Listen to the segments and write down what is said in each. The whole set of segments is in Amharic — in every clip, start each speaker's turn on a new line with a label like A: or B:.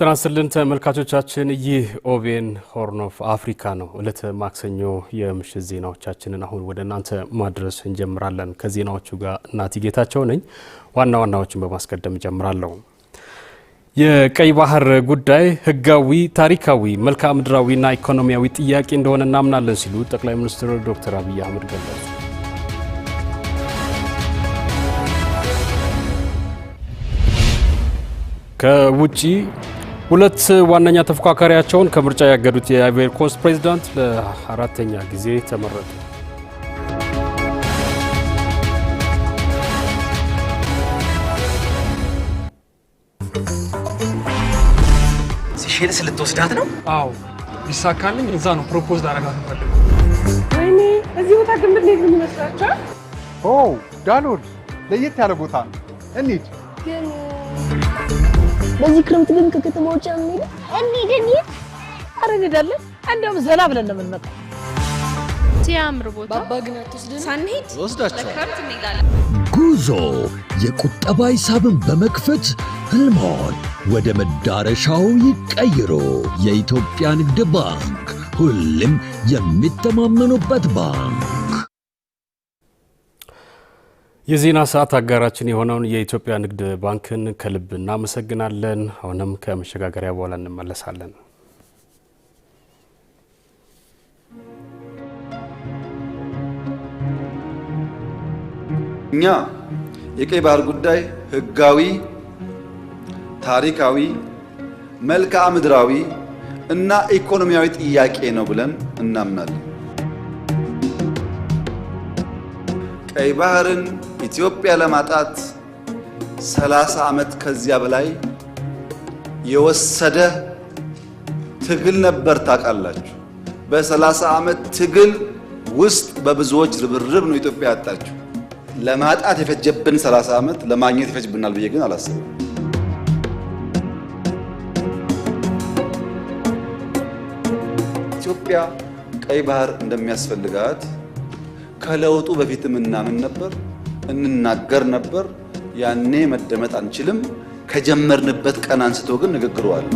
A: ትናንስልን ተመልካቾቻችን ይህ ኦቤን ሆርን ኦፍ አፍሪካ ነው። እለተ ማክሰኞ የምሽት ዜናዎቻችንን አሁን ወደ እናንተ ማድረስ እንጀምራለን። ከዜናዎቹ ጋር እናቲ ጌታቸው ነኝ። ዋና ዋናዎችን በማስቀደም እጀምራለሁ። የቀይ ባህር ጉዳይ ህጋዊ፣ ታሪካዊ፣ መልክዓ ምድራዊና ኢኮኖሚያዊ ጥያቄ እንደሆነ እናምናለን ሲሉ ጠቅላይ ሚኒስትር ዶክተር አብይ አህመድ ገለጹ። ከውጭ ሁለት ዋነኛ ተፎካካሪያቸውን ከምርጫ ያገዱት የአይቬር ኮስት ፕሬዚዳንት ለአራተኛ ጊዜ ተመረጡ።
B: ሴሼልስ ልትወስዳት ነው?
A: አዎ ይሳካልኝ፣ እዛ ነው ፕሮፖዝ ላረጋት ፈልገው።
C: ወይኔ እዚህ ቦታ ግን ምን ይመስላቸዋል? የሚመስላችሁ?
A: ኦ ዳሎል ለየት ያለ ቦታ ነው። እንሂድ ግን
C: በዚህ ክረምት ግን ከከተማ ውጭ አንሄድ
D: እንሂድ እንሂድ።
C: ኧረ እንሄዳለን። እንደውም ዘና ብለን ነው የምንመጣው።
E: ሲያምር ቦታ ሳንሄድ
F: ወስዳቸዋል።
G: ጉዞ የቁጠባ ሂሳብን በመክፈት ህልሞን ወደ መዳረሻው ይቀይሩ። የኢትዮጵያ ንግድ ባንክ ሁሉም የሚተማመኑበት ባንክ
A: የዜና ሰዓት አጋራችን የሆነውን የኢትዮጵያ ንግድ ባንክን ከልብ እናመሰግናለን። አሁንም ከመሸጋገሪያ በኋላ እንመለሳለን። እኛ የቀይ ባህር ጉዳይ ህጋዊ፣ ታሪካዊ፣ መልክዓ ምድራዊ እና ኢኮኖሚያዊ ጥያቄ ነው ብለን እናምናለን። ቀይ ባህርን ኢትዮጵያ ለማጣት ሰላሳ ዓመት ከዚያ በላይ የወሰደ ትግል ነበር። ታውቃላችሁ፣ በ30 ዓመት ትግል ውስጥ በብዙዎች ርብርብ ነው ኢትዮጵያ ያጣችሁ። ለማጣት የፈጀብን ሰላሳ ዓመት ለማግኘት ይፈጅብናል ብዬ ግን አላስብም። ኢትዮጵያ ቀይ ባህር እንደሚያስፈልጋት ከለውጡ በፊትም እናምን ነበር፣ እንናገር ነበር። ያኔ መደመጥ አንችልም። ከጀመርንበት ቀን አንስቶ ግን ንግግሩ አለ።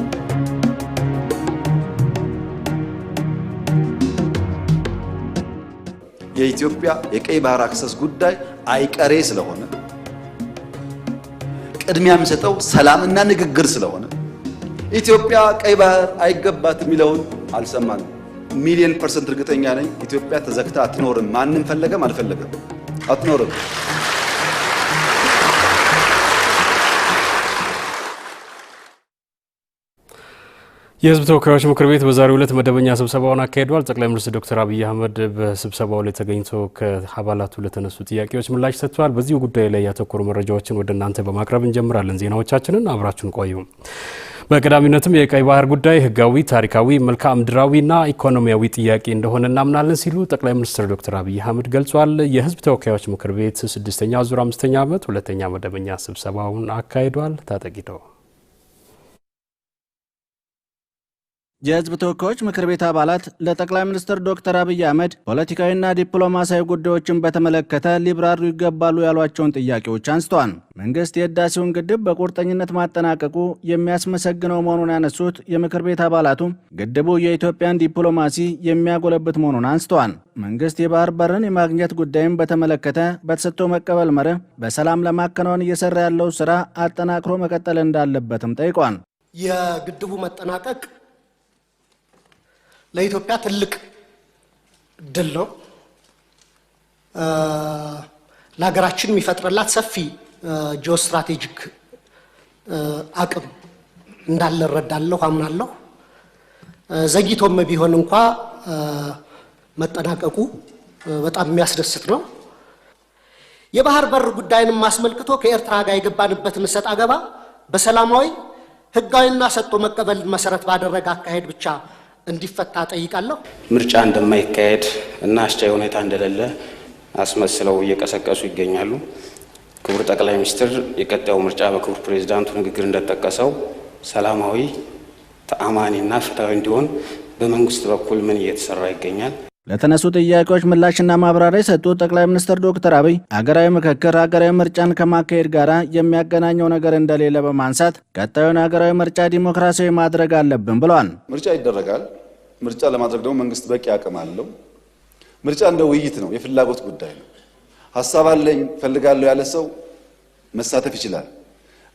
A: የኢትዮጵያ የቀይ ባህር አክሰስ ጉዳይ አይቀሬ ስለሆነ ቅድሚያ የሚሰጠው ሰላምና ንግግር ስለሆነ ኢትዮጵያ ቀይ ባህር አይገባት የሚለውን አልሰማንም። ሚሊዮን ፐርሰንት እርግጠኛ ነኝ ኢትዮጵያ ተዘግታ አትኖርም። ማንም ፈለገም አልፈለገም አትኖርም። የህዝብ ተወካዮች ምክር ቤት በዛሬው ዕለት መደበኛ ስብሰባውን አካሂዷል። ጠቅላይ ሚኒስትር ዶክተር አብይ አህመድ በስብሰባው ላይ ተገኝቶ ከአባላቱ ለተነሱ ጥያቄዎች ምላሽ ሰጥተዋል። በዚሁ ጉዳይ ላይ ያተኮሩ መረጃዎችን ወደ እናንተ በማቅረብ እንጀምራለን። ዜናዎቻችንን አብራችሁን ቆዩ። በቀዳሚነትም የቀይ ባህር ጉዳይ ህጋዊ ታሪካዊ፣ መልክዓ ምድራዊና ኢኮኖሚያዊ ጥያቄ እንደሆነ እናምናለን ሲሉ ጠቅላይ ሚኒስትር ዶክተር አብይ አህመድ ገልጿል። የህዝብ ተወካዮች ምክር ቤት ስድስተኛ ዙር አምስተኛ ዓመት ሁለተኛ መደበኛ ስብሰባውን አካሂዷል። ታጠቂደው
H: የህዝብ ተወካዮች ምክር ቤት አባላት ለጠቅላይ ሚኒስትር ዶክተር አብይ አህመድ ፖለቲካዊና ዲፕሎማሲያዊ ጉዳዮችን በተመለከተ ሊብራሩ ይገባሉ ያሏቸውን ጥያቄዎች አንስተዋል። መንግስት የህዳሴውን ግድብ በቁርጠኝነት ማጠናቀቁ የሚያስመሰግነው መሆኑን ያነሱት የምክር ቤት አባላቱ ግድቡ የኢትዮጵያን ዲፕሎማሲ የሚያጎለብት መሆኑን አንስተዋል። መንግስት የባህር በርን የማግኘት ጉዳይም በተመለከተ በተሰጥቶ መቀበል መርህ በሰላም ለማከናወን እየሰራ ያለው ስራ አጠናክሮ መቀጠል እንዳለበትም ጠይቋል።
I: የግድቡ መጠናቀቅ ለኢትዮጵያ ትልቅ ድል ነው። ለሀገራችን የሚፈጥርላት ሰፊ ጂኦ ስትራቴጂክ አቅም እንዳለ እረዳለሁ፣ አምናለሁ። ዘጊቶም ቢሆን እንኳ መጠናቀቁ በጣም የሚያስደስት ነው። የባህር በር ጉዳይንም አስመልክቶ ከኤርትራ ጋር የገባንበትን እሰጥ አገባ በሰላማዊ ህጋዊና ሰጥቶ መቀበል መሰረት ባደረገ አካሄድ ብቻ እንዲፈታ ጠይቃለሁ።
J: ምርጫ እንደማይካሄድ እና አስቻይ ሁኔታ እንደሌለ አስመስለው እየቀሰቀሱ ይገኛሉ። ክቡር ጠቅላይ ሚኒስትር የቀጣዩ ምርጫ በክቡር ፕሬዚዳንቱ ንግግር እንደጠቀሰው ሰላማዊ፣ ተአማኒና ፍትሐዊ እንዲሆን በመንግስት በኩል ምን እየተሰራ ይገኛል?
H: ለተነሱ ጥያቄዎች ምላሽና ማብራሪያ የሰጡት ጠቅላይ ሚኒስትር ዶክተር አብይ አገራዊ ምክክር አገራዊ ምርጫን ከማካሄድ ጋር የሚያገናኘው ነገር እንደሌለ በማንሳት ቀጣዩን አገራዊ ምርጫ ዲሞክራሲያዊ ማድረግ አለብን ብለዋል።
J: ምርጫ ይደረጋል። ምርጫ ለማድረግ ደግሞ መንግስት በቂ አቅም አለው። ምርጫ እንደ ውይይት ነው፣ የፍላጎት ጉዳይ ነው። ሀሳብ አለኝ ፈልጋለሁ ያለ ሰው መሳተፍ ይችላል።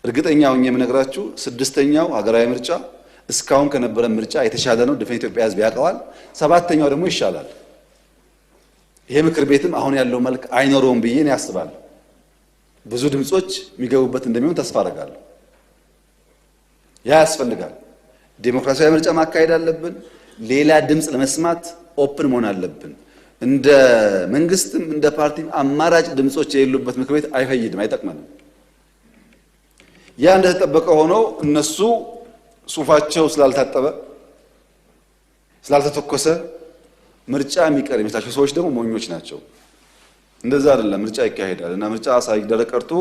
J: እርግጠኛ ሆኜ የምነግራችሁ ስድስተኛው ሀገራዊ ምርጫ እስካሁን ከነበረ ምርጫ የተሻለ ነው። ድፍን ኢትዮጵያ ሕዝብ ያውቀዋል። ሰባተኛው ደግሞ ይሻላል። ይሄ ምክር ቤትም አሁን ያለው መልክ አይኖረውም ብዬ ነው ያስባል። ብዙ ድምጾች የሚገቡበት እንደሚሆን ተስፋ አደርጋለሁ። ያ ያስፈልጋል። ዴሞክራሲያዊ ምርጫ ማካሄድ አለብን። ሌላ ድምፅ ለመስማት ኦፕን መሆን አለብን። እንደ መንግስትም እንደ ፓርቲም አማራጭ ድምጾች የሌሉበት ምክር ቤት አይፈይድም፣ አይጠቅመንም። ያ እንደተጠበቀ ሆኖ እነሱ ሱፋቸው ስላልታጠበ ስላልተተኮሰ ምርጫ የሚቀር የሚታቸው ሰዎች ደግሞ ሞኞች ናቸው። እንደዛ አይደለም። ምርጫ ይካሄዳል እና ምርጫ ሳይደረግ ቀርቶ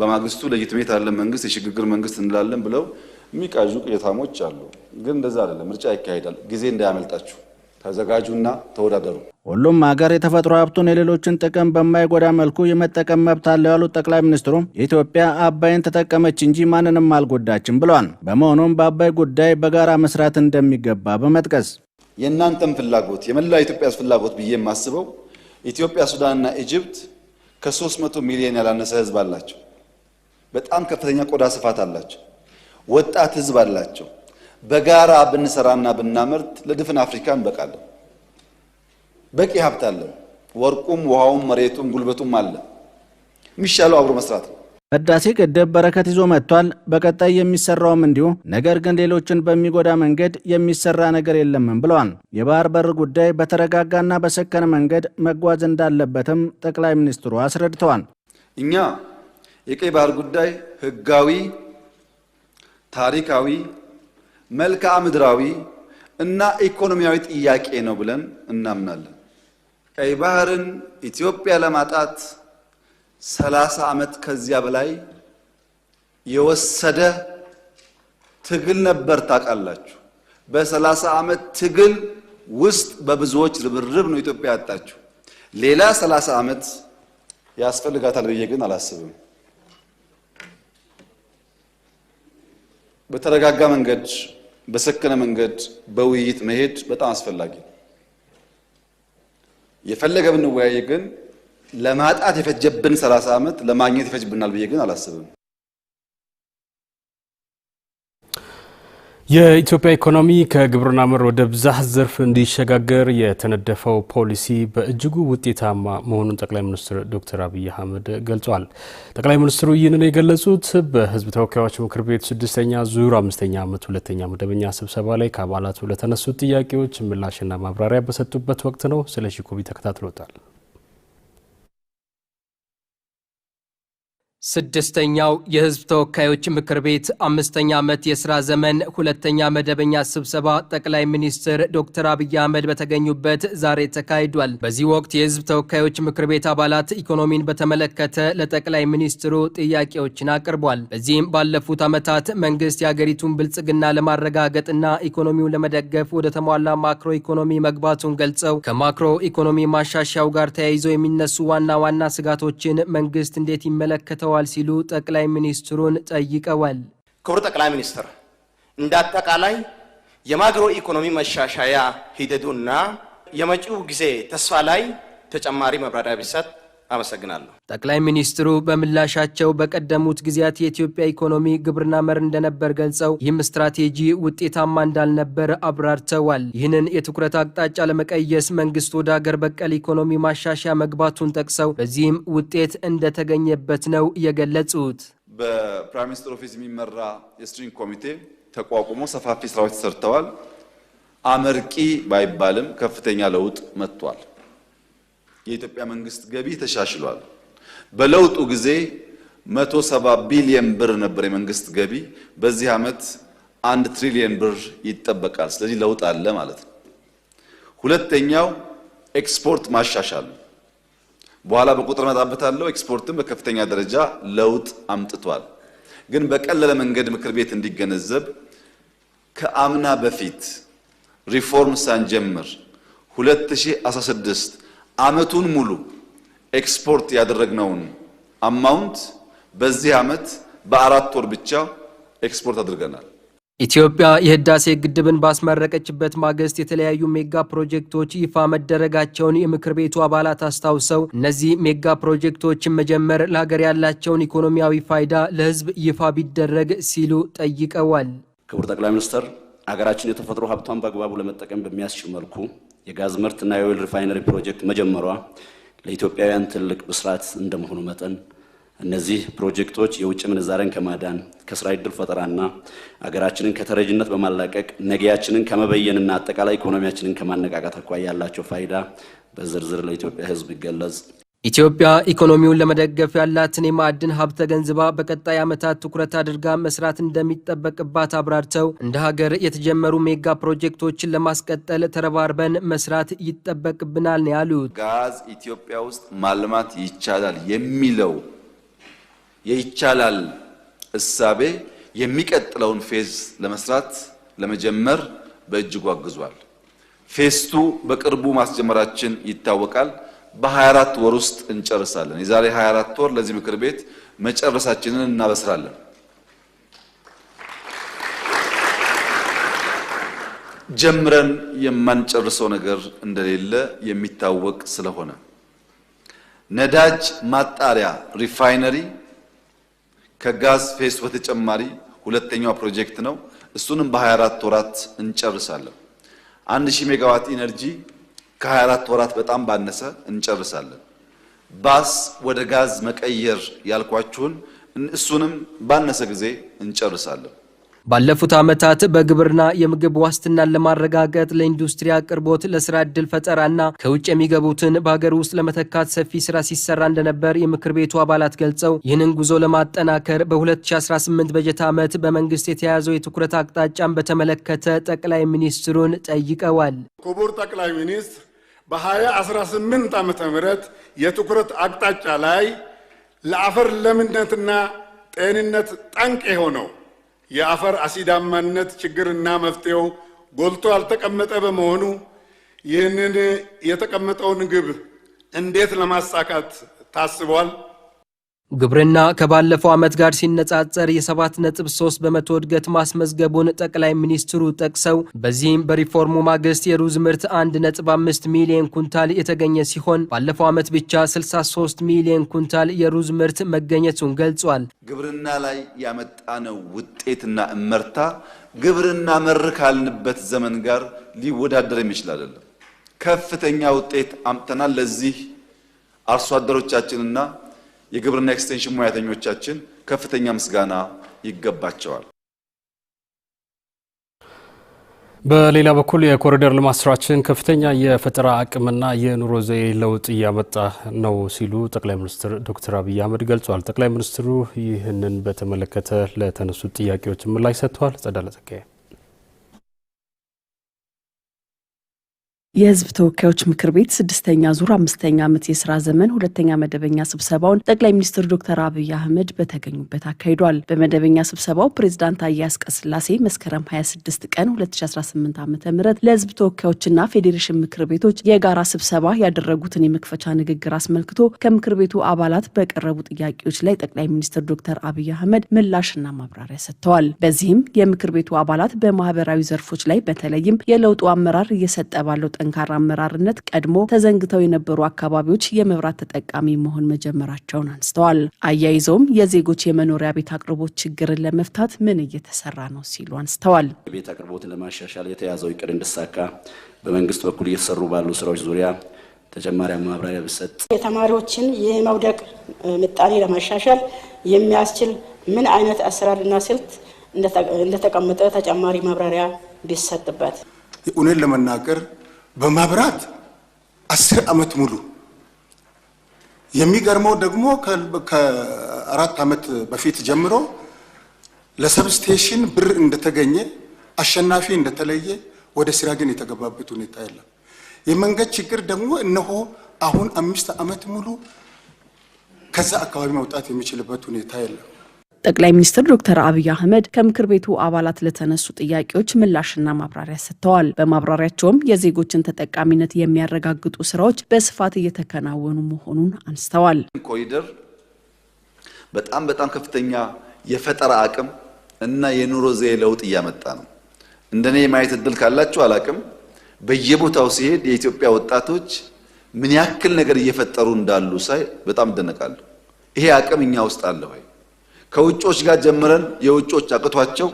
J: በማግስቱ ለጅትሜት አለ መንግስት የሽግግር መንግስት እንላለን ብለው የሚቃዡ ቅዠታሞች አሉ። ግን እንደዛ አይደለም። ምርጫ ይካሄዳል። ጊዜ እንዳያመልጣችሁ። ተዘጋጁና ተወዳደሩ።
H: ሁሉም ሀገር የተፈጥሮ ሀብቱን የሌሎችን ጥቅም በማይጎዳ መልኩ የመጠቀም መብት አለው ያሉት ጠቅላይ ሚኒስትሩ ኢትዮጵያ አባይን ተጠቀመች እንጂ ማንንም አልጎዳችም ብለዋል። በመሆኑም በአባይ ጉዳይ በጋራ መስራት እንደሚገባ በመጥቀስ
J: የእናንተም ፍላጎት የመላው የኢትዮጵያ ፍላጎት ብዬ የማስበው ኢትዮጵያ፣ ሱዳንና ኢጅፕት ከ300 ሚሊዮን ያላነሰ ህዝብ አላቸው። በጣም ከፍተኛ ቆዳ ስፋት አላቸው። ወጣት ህዝብ አላቸው። በጋራ ብንሰራና ብናመርት ለድፍን አፍሪካ እንበቃለን። በቂ ሀብት አለን። ወርቁም፣ ውሃውም፣ መሬቱም ጉልበቱም አለ። የሚሻለው አብሮ መስራት ነው።
H: ህዳሴ ግድብ በረከት ይዞ መጥቷል። በቀጣይ የሚሰራውም እንዲሁ። ነገር ግን ሌሎችን በሚጎዳ መንገድ የሚሰራ ነገር የለምም ብለዋል። የባህር በር ጉዳይ በተረጋጋና በሰከነ መንገድ መጓዝ እንዳለበትም ጠቅላይ ሚኒስትሩ አስረድተዋል።
A: እኛ የቀይ ባህር ጉዳይ ህጋዊ፣ ታሪካዊ መልክዓ ምድራዊ እና ኢኮኖሚያዊ ጥያቄ ነው ብለን እናምናለን። ቀይ ባህርን ኢትዮጵያ ለማጣት ሰላሳ ዓመት ከዚያ በላይ የወሰደ ትግል ነበር። ታውቃላችሁ። በሰላሳ ዓመት ትግል ውስጥ በብዙዎች ርብርብ ነው ኢትዮጵያ ያጣችው። ሌላ ሰላሳ ዓመት ያስፈልጋታል ብዬ ግን አላስብም። በተረጋጋ መንገድ በሰከነ መንገድ በውይይት መሄድ በጣም አስፈላጊ ነው። የፈለገ ብንወያይ ግን ለማጣት የፈጀብን ሰላሳ ዓመት ለማግኘት ይፈጅብናል ብዬ ግን አላስብም። የኢትዮጵያ ኢኮኖሚ ከግብርና መር ወደ ብዛህ ዘርፍ እንዲሸጋገር የተነደፈው ፖሊሲ በእጅጉ ውጤታማ መሆኑን ጠቅላይ ሚኒስትር ዶክተር አብይ አህመድ ገልጿል። ጠቅላይ ሚኒስትሩ ይህንን የገለጹት በህዝብ ተወካዮች ምክር ቤት ስድስተኛ ዙር አምስተኛ ዓመት ሁለተኛ መደበኛ ስብሰባ ላይ ከአባላቱ ለተነሱት ጥያቄዎች ምላሽና ማብራሪያ በሰጡበት ወቅት ነው። ስለሺ ኮቢ ተከታትሎታል።
H: ስድስተኛው የህዝብ ተወካዮች ምክር ቤት አምስተኛ ዓመት የሥራ ዘመን ሁለተኛ መደበኛ ስብሰባ ጠቅላይ ሚኒስትር ዶክተር አብይ አህመድ በተገኙበት ዛሬ ተካሂዷል። በዚህ ወቅት የህዝብ ተወካዮች ምክር ቤት አባላት ኢኮኖሚን በተመለከተ ለጠቅላይ ሚኒስትሩ ጥያቄዎችን አቅርቧል። በዚህም ባለፉት ዓመታት መንግስት የአገሪቱን ብልጽግና ለማረጋገጥና ኢኮኖሚውን ለመደገፍ ወደ ተሟላ ማክሮ ኢኮኖሚ መግባቱን ገልጸው ከማክሮ ኢኮኖሚ ማሻሻያው ጋር ተያይዘው የሚነሱ ዋና ዋና ስጋቶችን መንግስት እንዴት ይመለከተው ተሳስተዋል ሲሉ ጠቅላይ ሚኒስትሩን ጠይቀዋል።
K: ክቡር ጠቅላይ ሚኒስትር እንደ አጠቃላይ የማክሮ ኢኮኖሚ መሻሻያ ሂደዱና የመጪው ጊዜ ተስፋ ላይ ተጨማሪ መብራሪያ ቢሰጥ አመሰግናለሁ።
H: ጠቅላይ ሚኒስትሩ በምላሻቸው በቀደሙት ጊዜያት የኢትዮጵያ ኢኮኖሚ ግብርና መር እንደነበር ገልጸው ይህም ስትራቴጂ ውጤታማ እንዳልነበር አብራርተዋል። ይህንን የትኩረት አቅጣጫ ለመቀየስ መንግስት ወደ አገር በቀል ኢኮኖሚ ማሻሻያ መግባቱን ጠቅሰው በዚህም ውጤት እንደተገኘበት ነው የገለጹት።
K: በፕራይም ሚኒስትር ኦፊስ የሚመራ የስትሪንግ ኮሚቴ ተቋቁሞ ሰፋፊ ስራዎች ተሰርተዋል። አመርቂ ባይባልም ከፍተኛ ለውጥ መጥቷል። የኢትዮጵያ መንግስት ገቢ ተሻሽሏል። በለውጡ ጊዜ 170 ቢሊዮን ብር ነበር የመንግስት ገቢ። በዚህ ዓመት አንድ ትሪሊዮን ብር ይጠበቃል። ስለዚህ ለውጥ አለ ማለት ነው። ሁለተኛው ኤክስፖርት ማሻሻል በኋላ በቁጥር መጣበታለሁ። ኤክስፖርትም በከፍተኛ ደረጃ ለውጥ አምጥቷል። ግን በቀለለ መንገድ ምክር ቤት እንዲገነዘብ ከአምና በፊት ሪፎርም ሳንጀምር 2016 አመቱን ሙሉ ኤክስፖርት ያደረግነውን አማውንት በዚህ አመት በአራት ወር ብቻ ኤክስፖርት አድርገናል።
H: ኢትዮጵያ የህዳሴ ግድብን ባስመረቀችበት ማግስት የተለያዩ ሜጋ ፕሮጀክቶች ይፋ መደረጋቸውን የምክር ቤቱ አባላት አስታውሰው እነዚህ ሜጋ ፕሮጀክቶችን መጀመር ለሀገር ያላቸውን ኢኮኖሚያዊ ፋይዳ ለህዝብ ይፋ ቢደረግ ሲሉ ጠይቀዋል።
K: ክቡር ጠቅላይ ሚኒስትር ሀገራችን የተፈጥሮ ሀብቷን በአግባቡ ለመጠቀም በሚያስችል መልኩ የጋዝ ምርትና የኦይል ሪፋይነሪ ፕሮጀክት መጀመሯ ለኢትዮጵያውያን ትልቅ ብስራት እንደመሆኑ መጠን እነዚህ ፕሮጀክቶች የውጭ ምንዛሬን ከማዳን ከስራ ዕድል ፈጠራና አገራችንን ከተረጅነት በማላቀቅ ነገያችንን ከመበየንና አጠቃላይ ኢኮኖሚያችንን ከማነቃቃት አኳያ ያላቸው ፋይዳ በዝርዝር ለኢትዮጵያ ሕዝብ ይገለጽ።
H: ኢትዮጵያ ኢኮኖሚውን ለመደገፍ ያላትን የማዕድን ሀብተ ገንዝባ በቀጣይ ዓመታት ትኩረት አድርጋ መስራት እንደሚጠበቅባት አብራርተው እንደ ሀገር የተጀመሩ ሜጋ ፕሮጀክቶችን ለማስቀጠል ተረባርበን መስራት ይጠበቅብናል ነው ያሉት።
J: ጋዝ ኢትዮጵያ ውስጥ ማልማት ይቻላል የሚለው የይቻላል እሳቤ የሚቀጥለውን ፌዝ ለመስራት ለመጀመር በእጅጉ አግዟል። ፌስቱ በቅርቡ ማስጀመራችን ይታወቃል። በ24 ወር ውስጥ እንጨርሳለን። የዛሬ 24 ወር ለዚህ ምክር ቤት መጨረሳችንን እናበስራለን። ጀምረን የማንጨርሰው ነገር እንደሌለ የሚታወቅ ስለሆነ ነዳጅ ማጣሪያ ሪፋይነሪ ከጋዝ ፌስ በተጨማሪ ሁለተኛው ፕሮጀክት ነው። እሱንም በ24 ወራት እንጨርሳለን። አንድ ሺህ ሜጋዋት ኢነርጂ ከ24 ወራት በጣም ባነሰ እንጨርሳለን። ባስ ወደ ጋዝ መቀየር ያልኳችሁን እሱንም ባነሰ ጊዜ እንጨርሳለን።
H: ባለፉት ዓመታት በግብርና የምግብ ዋስትናን ለማረጋገጥ ለኢንዱስትሪ አቅርቦት፣ ለስራ ዕድል ፈጠራና ከውጭ የሚገቡትን በሀገር ውስጥ ለመተካት ሰፊ ስራ ሲሰራ እንደነበር የምክር ቤቱ አባላት ገልጸው ይህንን ጉዞ ለማጠናከር በ2018 በጀት ዓመት በመንግስት የተያዘው የትኩረት አቅጣጫን በተመለከተ ጠቅላይ ሚኒስትሩን ጠይቀዋል።
L: ክቡር ጠቅላይ ሚኒስትር በ2018 ዓ ም የትኩረት አቅጣጫ ላይ ለአፈር ለምነትና ጤንነት ጠንቅ የሆነው የአፈር አሲዳማነት ችግርና መፍትሄው ጎልቶ ያልተቀመጠ በመሆኑ ይህንን የተቀመጠውን ግብ እንዴት ለማሳካት ታስቧል?
H: ግብርና ከባለፈው ዓመት ጋር ሲነጻጸር የ7.3 በመቶ እድገት ማስመዝገቡን ጠቅላይ ሚኒስትሩ ጠቅሰው በዚህም በሪፎርሙ ማግስት የሩዝ ምርት 1.5 ሚሊዮን ኩንታል የተገኘ ሲሆን ባለፈው ዓመት ብቻ 63 ሚሊዮን ኩንታል የሩዝ ምርት መገኘቱን ገልጿል።
J: ግብርና ላይ ያመጣነው ውጤትና እመርታ ግብርና መር ካልንበት ዘመን ጋር ሊወዳደር የሚችል አይደለም። ከፍተኛ ውጤት አምጥተናል። ለዚህ አርሶ አደሮቻችንና የግብርና ኤክስቴንሽን ሙያተኞቻችን ከፍተኛ ምስጋና ይገባቸዋል።
A: በሌላ በኩል የኮሪደር ልማት ስራችን ከፍተኛ የፈጠራ አቅምና የኑሮ ዘዬ ለውጥ እያመጣ ነው ሲሉ ጠቅላይ ሚኒስትር ዶክተር አብይ አህመድ ገልጿል። ጠቅላይ ሚኒስትሩ ይህንን በተመለከተ ለተነሱት ጥያቄዎች ምላሽ ሰጥተዋል። ጸዳለ ጸጋዬ
H: የህዝብ ተወካዮች ምክር ቤት ስድስተኛ ዙር አምስተኛ ዓመት የስራ ዘመን ሁለተኛ መደበኛ ስብሰባውን ጠቅላይ ሚኒስትር ዶክተር አብይ አህመድ በተገኙበት አካሂዷል። በመደበኛ ስብሰባው ፕሬዝዳንት አያስ ቀስላሴ መስከረም 26 ቀን 2018 ዓ ም ለሕዝብ ተወካዮችና ፌዴሬሽን ምክር ቤቶች የጋራ ስብሰባ ያደረጉትን የመክፈቻ ንግግር አስመልክቶ ከምክር ቤቱ አባላት በቀረቡ ጥያቄዎች ላይ ጠቅላይ ሚኒስትር ዶክተር አብይ አህመድ ምላሽና ማብራሪያ ሰጥተዋል። በዚህም የምክር ቤቱ አባላት በማህበራዊ ዘርፎች ላይ በተለይም የለውጡ አመራር እየሰጠ ባለው ጠንካራ አመራርነት ቀድሞ ተዘንግተው የነበሩ አካባቢዎች የመብራት ተጠቃሚ መሆን መጀመራቸውን አንስተዋል። አያይዘውም የዜጎች የመኖሪያ ቤት አቅርቦት ችግርን ለመፍታት ምን እየተሰራ ነው ሲሉ አንስተዋል።
K: የቤት አቅርቦት ለማሻሻል የተያዘው እቅድ እንዲሳካ በመንግስት በኩል እየተሰሩ ባሉ ስራዎች ዙሪያ ተጨማሪ ማብራሪያ ብሰጥ።
C: የተማሪዎችን የመውደቅ ምጣኔ ለማሻሻል የሚያስችል ምን አይነት አሰራርና ስልት እንደተቀመጠ ተጨማሪ ማብራሪያ ቢሰጥበት
L: እውነት ለመናገር በማብራት አስር ዓመት ሙሉ የሚገርመው ደግሞ ከአራት ዓመት በፊት ጀምሮ ለሰብስቴሽን ብር እንደተገኘ አሸናፊ እንደተለየ ወደ ስራ ግን የተገባበት ሁኔታ የለም። የመንገድ ችግር ደግሞ እነሆ አሁን አምስት ዓመት ሙሉ ከዛ አካባቢ መውጣት የሚችልበት ሁኔታ የለም።
H: ጠቅላይ ሚኒስትር ዶክተር አብይ አህመድ ከምክር ቤቱ አባላት ለተነሱ ጥያቄዎች ምላሽና ማብራሪያ ሰጥተዋል። በማብራሪያቸውም የዜጎችን ተጠቃሚነት የሚያረጋግጡ ስራዎች በስፋት እየተከናወኑ መሆኑን አንስተዋል።
J: ኮሪደር በጣም በጣም ከፍተኛ የፈጠራ አቅም እና የኑሮ ዘዬ ለውጥ እያመጣ ነው። እንደኔ የማየት እድል ካላችሁ አላቅም። በየቦታው ሲሄድ የኢትዮጵያ ወጣቶች ምን ያክል ነገር እየፈጠሩ እንዳሉ ሳይ በጣም እደነቃለሁ። ይሄ አቅም እኛ ውስጥ አለ ወይ? ከውጮች ጋር ጀምረን የውጮች አቅቷቸው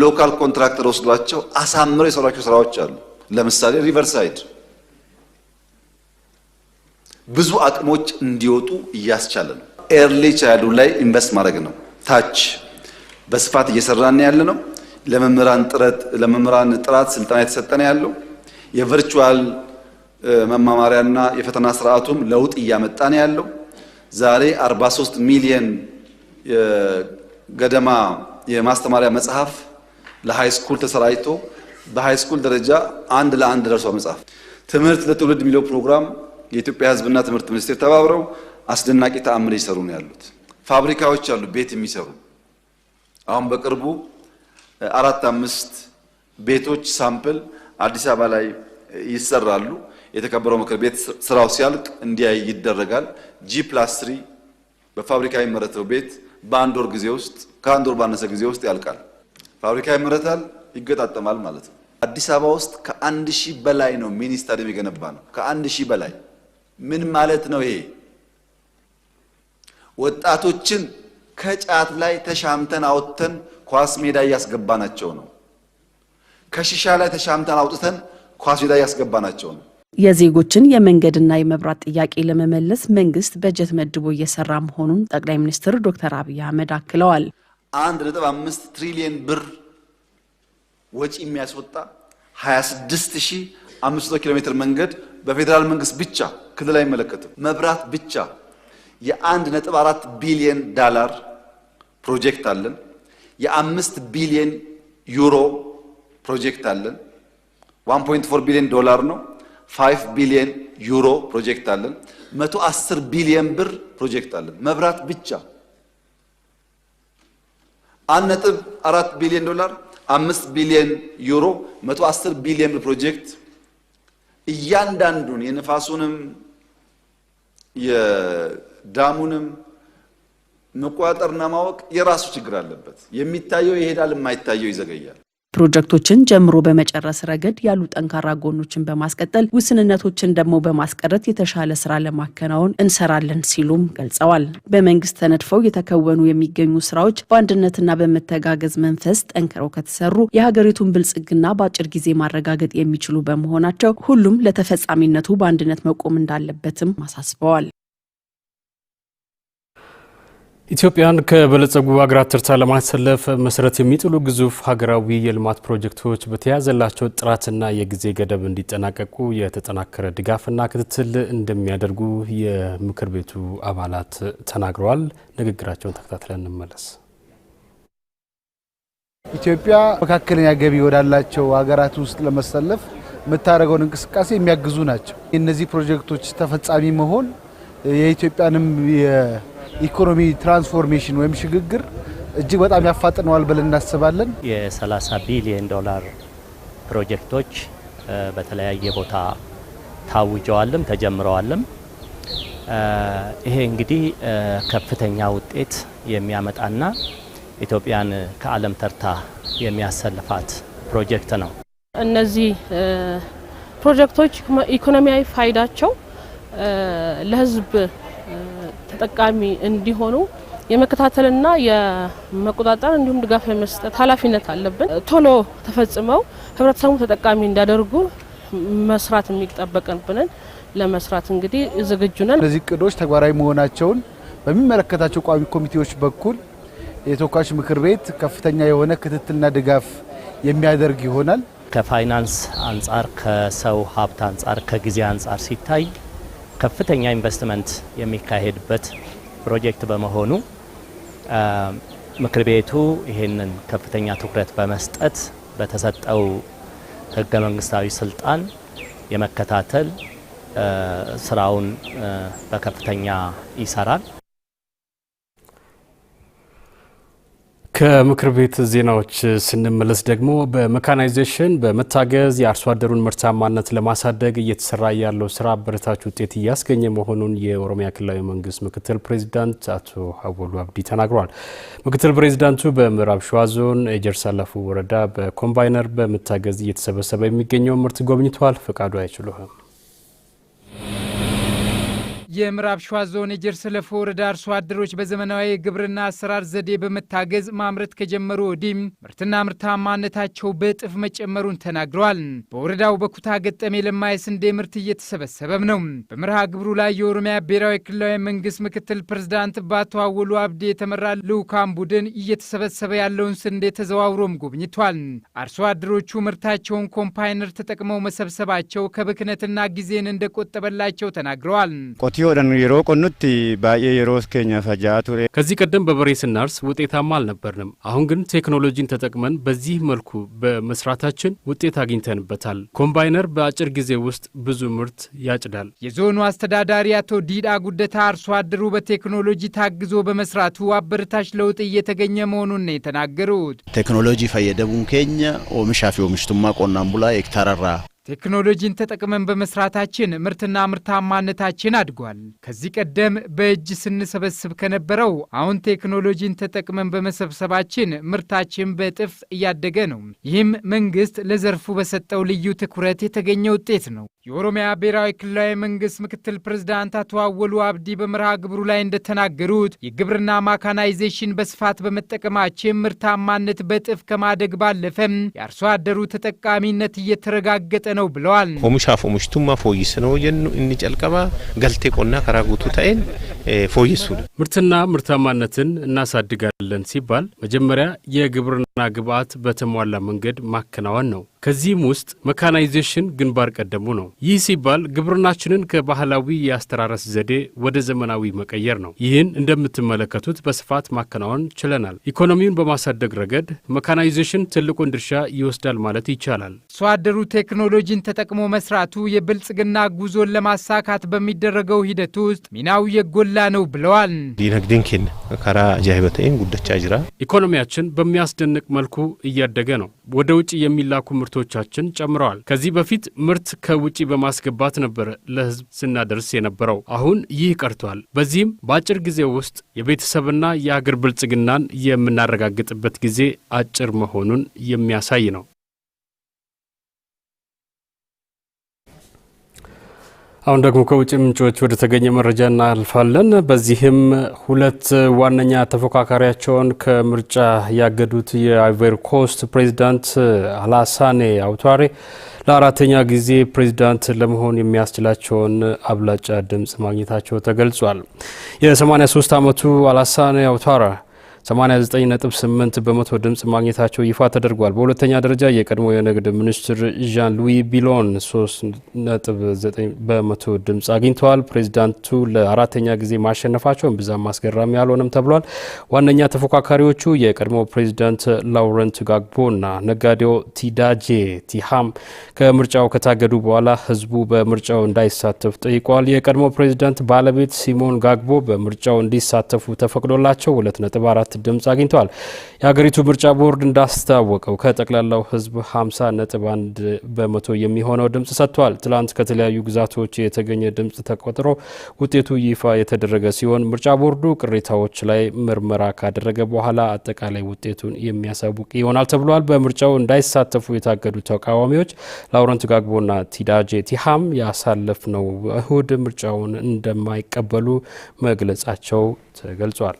J: ሎካል ኮንትራክተር ወስዷቸው አሳምረው የሰሯቸው ስራዎች አሉ። ለምሳሌ ሪቨርሳይድ ብዙ አቅሞች እንዲወጡ እያስቻለ ነው። ኤርሊ ቻይልዱ ላይ ኢንቨስት ማድረግ ነው። ታች በስፋት እየሰራን ያለ ነው። ለመምህራን ጥረት ለመምህራን ጥራት ስልጠና የተሰጠነ ያለው የቨርቹዋል መማማሪያና የፈተና ስርዓቱም ለውጥ እያመጣ ነው ያለው። ዛሬ 43 ሚሊየን የገደማ የማስተማሪያ መጽሐፍ ለሃይ ስኩል ተሰራጭቶ በሃይ ስኩል ደረጃ አንድ ለአንድ ደርሷ መጽሐፍ ትምህርት ለትውልድ የሚለው ፕሮግራም የኢትዮጵያ ህዝብና ትምህርት ሚኒስቴር ተባብረው አስደናቂ ተአምር እየሰሩ ነው ያሉት። ፋብሪካዎች አሉ፣ ቤት የሚሰሩ አሁን በቅርቡ አራት አምስት ቤቶች ሳምፕል አዲስ አበባ ላይ ይሰራሉ። የተከበረው ምክር ቤት ስራው ሲያልቅ እንዲያይ ይደረጋል። ጂ ፕላስ ትሪ በፋብሪካ የሚመረተው ቤት በአንድ ወር ጊዜ ውስጥ ከአንድ ወር ባነሰ ጊዜ ውስጥ ያልቃል። ፋብሪካ ይመረታል፣ ይገጣጠማል ማለት ነው። አዲስ አበባ ውስጥ ከአንድ ሺህ በላይ ነው ሚኒ ስታዲየም የገነባ ነው። ከአንድ ሺህ በላይ ምን ማለት ነው? ይሄ ወጣቶችን ከጫት ላይ ተሻምተን አውጥተን ኳስ ሜዳ እያስገባናቸው ነው። ከሽሻ ላይ ተሻምተን አውጥተን ኳስ ሜዳ እያስገባናቸው ነው።
H: የዜጎችን የመንገድና የመብራት ጥያቄ ለመመለስ መንግስት በጀት መድቦ እየሰራ መሆኑን ጠቅላይ ሚኒስትር ዶክተር አብይ አህመድ አክለዋል።
J: አንድ ነጥብ አምስት ትሪሊየን ብር ወጪ የሚያስወጣ 500 ኪሎ ሜትር መንገድ በፌዴራል መንግስት ብቻ ክልል አይመለከትም። መብራት ብቻ የአንድ ነጥብ አራት ቢሊየን ዳላር ፕሮጀክት አለን። የአምስት ቢሊየን ዩሮ ፕሮጀክት አለን። 1.4 ቢሊዮን ዶላር ነው። 5 ቢሊዮን ዩሮ ፕሮጀክት አለን። 110 ቢሊዮን ብር ፕሮጀክት አለን። መብራት ብቻ አንድ ነጥብ አራት ቢሊዮን ዶላር፣ 5 ቢሊዮን ዩሮ፣ 110 ቢሊዮን ብር ፕሮጀክት እያንዳንዱን የነፋሱንም የዳሙንም መቋጠርና ማወቅ የራሱ ችግር አለበት። የሚታየው ይሄዳል፣ የማይታየው ይዘገያል።
H: ፕሮጀክቶችን ጀምሮ በመጨረስ ረገድ ያሉ ጠንካራ ጎኖችን በማስቀጠል ውስንነቶችን ደግሞ በማስቀረት የተሻለ ስራ ለማከናወን እንሰራለን ሲሉም ገልጸዋል። በመንግስት ተነድፈው የተከወኑ የሚገኙ ስራዎች በአንድነትና በመተጋገዝ መንፈስ ጠንክረው ከተሰሩ የሀገሪቱን ብልጽግና በአጭር ጊዜ ማረጋገጥ የሚችሉ በመሆናቸው ሁሉም ለተፈጻሚነቱ በአንድነት መቆም እንዳለበትም አሳስበዋል።
A: ኢትዮጵያን ከበለጸጉ ሀገራት ተርታ ለማሰለፍ መሰረት የሚጥሉ ግዙፍ ሀገራዊ የልማት ፕሮጀክቶች በተያዘላቸው ጥራትና የጊዜ ገደብ እንዲጠናቀቁ የተጠናከረ ድጋፍና ክትትል እንደሚያደርጉ የምክር ቤቱ አባላት ተናግረዋል። ንግግራቸውን ተከታትለን እንመለስ።
I: ኢትዮጵያ መካከለኛ ገቢ ወዳላቸው ሀገራት ውስጥ ለመሰለፍ የምታደርገውን እንቅስቃሴ የሚያግዙ ናቸው። እነዚህ ፕሮጀክቶች ተፈጻሚ መሆን የኢትዮጵያንም ኢኮኖሚ ትራንስፎርሜሽን ወይም ሽግግር እጅግ በጣም ያፋጥነዋል ብለን እናስባለን።
M: የ30 ቢሊዮን ዶላር ፕሮጀክቶች በተለያየ ቦታ ታውጀዋልም ተጀምረዋልም። ይሄ እንግዲህ ከፍተኛ ውጤት የሚያመጣና ኢትዮጵያን ከዓለም ተርታ የሚያሰልፋት ፕሮጀክት ነው።
N: እነዚህ ፕሮጀክቶች ኢኮኖሚያዊ ፋይዳቸው ለሕዝብ ተጠቃሚ እንዲሆኑ የመከታተልና የመቆጣጠር እንዲሁም ድጋፍ የመስጠት ኃላፊነት አለብን። ቶሎ ተፈጽመው ህብረተሰቡ ተጠቃሚ እንዲያደርጉ መስራት የሚጠበቅብንን ለመስራት እንግዲህ ዝግጁ ነን።
I: እነዚህ እቅዶች ተግባራዊ መሆናቸውን በሚመለከታቸው ቋሚ ኮሚቴዎች በኩል የተወካዮች ምክር ቤት ከፍተኛ የሆነ ክትትልና ድጋፍ የሚያደርግ ይሆናል።
M: ከፋይናንስ አንጻር፣ ከሰው ሀብት አንጻር፣ ከጊዜ አንጻር ሲታይ ከፍተኛ ኢንቨስትመንት የሚካሄድበት ፕሮጀክት በመሆኑ ምክር ቤቱ ይህንን ከፍተኛ ትኩረት በመስጠት በተሰጠው ህገ መንግስታዊ ስልጣን የመከታተል ስራውን በከፍተኛ ይሰራል።
A: ከምክር ቤት ዜናዎች ስንመለስ ደግሞ በመካናይዜሽን በመታገዝ የአርሶ አደሩን ምርታማነት ለማሳደግ እየተሰራ ያለው ስራ አበረታች ውጤት እያስገኘ መሆኑን የኦሮሚያ ክልላዊ መንግስት ምክትል ፕሬዚዳንት አቶ አወሉ አብዲ ተናግረዋል። ምክትል ፕሬዚዳንቱ በምዕራብ ሸዋ ዞን ኤጀርሳ ላፎ ወረዳ በኮምባይነር በመታገዝ እየተሰበሰበ የሚገኘውን ምርት ጎብኝተዋል። ፈቃዱ አይችሉህም
H: የምዕራብ ሸዋ ዞን ለፎ ወረዳ አርሶ አደሮች በዘመናዊ የግብርና አሰራር ዘዴ በመታገዝ ማምረት ከጀመሩ ወዲህም ምርትና ምርታማነታቸው በእጥፍ መጨመሩን ተናግረዋል። በወረዳው በኩታ ገጠሜ የለማ የስንዴ ምርት እየተሰበሰበም ነው። በምርሃ ግብሩ ላይ የኦሮሚያ ብሔራዊ ክልላዊ መንግስት ምክትል ፕሬዝዳንት በአቶ አወሉ አብዴ የተመራ ልዑካን ቡድን እየተሰበሰበ ያለውን ስንዴ ተዘዋውሮም ጎብኝቷል። አርሶ አደሮቹ ምርታቸውን ኮምፓይነር ተጠቅመው መሰብሰባቸው ከብክነትና ጊዜን እንደቆጠበላቸው ተናግረዋል።
A: godhan yeroo qonnutti baay'ee yeroo keenya fajaa ture። ከዚህ ቀደም በበሬ ስናርስ ውጤታማ አልነበርንም። አሁን ግን ቴክኖሎጂን ተጠቅመን በዚህ መልኩ በመስራታችን ውጤት አግኝተንበታል። ኮምባይነር በአጭር ጊዜ ውስጥ ብዙ ምርት ያጭዳል።
H: የዞኑ አስተዳዳሪ አቶ ዲዳ ጉደታ አርሶ አደሩ በቴክኖሎጂ ታግዞ በመስራቱ አበረታች ለውጥ እየተገኘ መሆኑን ነው የተናገሩት።
O: ቴክኖሎጂ ፈየደቡን ኬኛ ኦምሻፊ ኦምሽቱማ ቆናምቡላ ቡላ ኤክታራራ
H: ቴክኖሎጂን ተጠቅመን በመስራታችን ምርትና ምርታማነታችን አድጓል። ከዚህ ቀደም በእጅ ስንሰበስብ ከነበረው አሁን ቴክኖሎጂን ተጠቅመን በመሰብሰባችን ምርታችን በእጥፍ እያደገ ነው። ይህም መንግስት ለዘርፉ በሰጠው ልዩ ትኩረት የተገኘ ውጤት ነው። የኦሮሚያ ብሔራዊ ክልላዊ መንግስት ምክትል ፕሬዝዳንት አቶ አወሉ አብዲ በመርሃ ግብሩ ላይ እንደተናገሩት የግብርና ማካናይዜሽን በስፋት በመጠቀማችን ምርታማነት በጥፍ ከማደግ ባለፈም የአርሶ አደሩ ተጠቃሚነት እየተረጋገጠ ነው ብለዋል።
O: ሆሙሻ ፎሙሽቱማ ፎይስ ነው ጀኑ እንጨልቀባ ገልቴ ቆና ከራጉቱ ታይን ፎይሱ
H: ምርትና ምርታማነትን እናሳድጋለን ሲባል መጀመሪያ የግብርና ግብዓት በተሟላ መንገድ ማከናወን ነው። ከዚህም ውስጥ መካናይዜሽን ግንባር ቀደሙ ነው። ይህ ሲባል ግብርናችንን ከባህላዊ የአስተራረስ ዘዴ ወደ ዘመናዊ መቀየር ነው። ይህን እንደምትመለከቱት በስፋት ማከናወን ችለናል። ኢኮኖሚውን በማሳደግ ረገድ መካናይዜሽን ትልቁን ድርሻ ይወስዳል ማለት ይቻላል። አርሶ ቴክኖሎጂን ተጠቅሞ መስራቱ የብልጽግና ጉዞን ለማሳካት በሚደረገው ሂደት ውስጥ ሚናው የጎላ ነው ብለዋል።
O: ዲነግዴን ከራ ጃይበተይን ጉደቻ ጅራ
H: ኢኮኖሚያችን በሚያስደንቅ መልኩ እያደገ ነው። ወደ ውጭ የሚላኩ ምርቶቻችን ጨምረዋል። ከዚህ በፊት ምርት ከውጭ በማስገባት ነበር ለህዝብ ስናደርስ የነበረው። አሁን ይህ ቀርቷል። በዚህም በአጭር ጊዜ ውስጥ የቤተሰብና የአገር ብልጽግናን የምናረጋግጥበት ጊዜ አጭር መሆኑን የሚያሳይ ነው።
A: አሁን ደግሞ ከውጭ ምንጮች ወደ ተገኘ መረጃ እናልፋለን። በዚህም ሁለት ዋነኛ ተፎካካሪያቸውን ከምርጫ ያገዱት የአይቨር ኮስት ፕሬዚዳንት አላሳኔ አውቷሬ ለአራተኛ ጊዜ ፕሬዚዳንት ለመሆን የሚያስችላቸውን አብላጫ ድምፅ ማግኘታቸው ተገልጿል። የ83 ዓመቱ አላሳኔ አውቷራ 89.8 በመቶ ድምፅ ማግኘታቸው ይፋ ተደርጓል። በሁለተኛ ደረጃ የቀድሞ የንግድ ሚኒስትር ዣን ሉዊ ቢሎን 3.9 በመቶ ድምፅ አግኝተዋል። ፕሬዚዳንቱ ለአራተኛ ጊዜ ማሸነፋቸውን ብዛም ማስገራሚ አልሆነም ተብሏል። ዋነኛ ተፎካካሪዎቹ የቀድሞ ፕሬዚዳንት ላውረንት እና ነጋዴው ቲዳጄ ቲሃም ከምርጫው ከታገዱ በኋላ ህዝቡ በምርጫው እንዳይሳተፍ ጠይቋል። የቀድሞ ፕሬዚዳንት ባለቤት ሲሞን ጋግቦ በምርጫው እንዲሳተፉ ተፈቅዶላቸው 2.4 54 ድምፅ አግኝተዋል። የሀገሪቱ ምርጫ ቦርድ እንዳስታወቀው ከጠቅላላው ህዝብ 50 ነጥብ 1 በመቶ የሚሆነው ድምፅ ሰጥቷል። ትላንት ከተለያዩ ግዛቶች የተገኘ ድምፅ ተቆጥሮ ውጤቱ ይፋ የተደረገ ሲሆን ምርጫ ቦርዱ ቅሬታዎች ላይ ምርመራ ካደረገ በኋላ አጠቃላይ ውጤቱን የሚያሳውቅ ይሆናል ተብሏል። በምርጫው እንዳይሳተፉ የታገዱ ተቃዋሚዎች ላውረንት ጋግቦና ቲዳጄ ቲሃም ያሳለፍነው እሁድ ምርጫውን እንደማይቀበሉ መግለጻቸው ተገልጿል።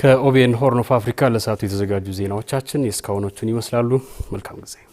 A: ከኦቤን ሆርን ኦፍ አፍሪካ ለሰዓቱ የተዘጋጁ ዜናዎቻችን የእስካሁኖቹን ይመስላሉ። መልካም ጊዜ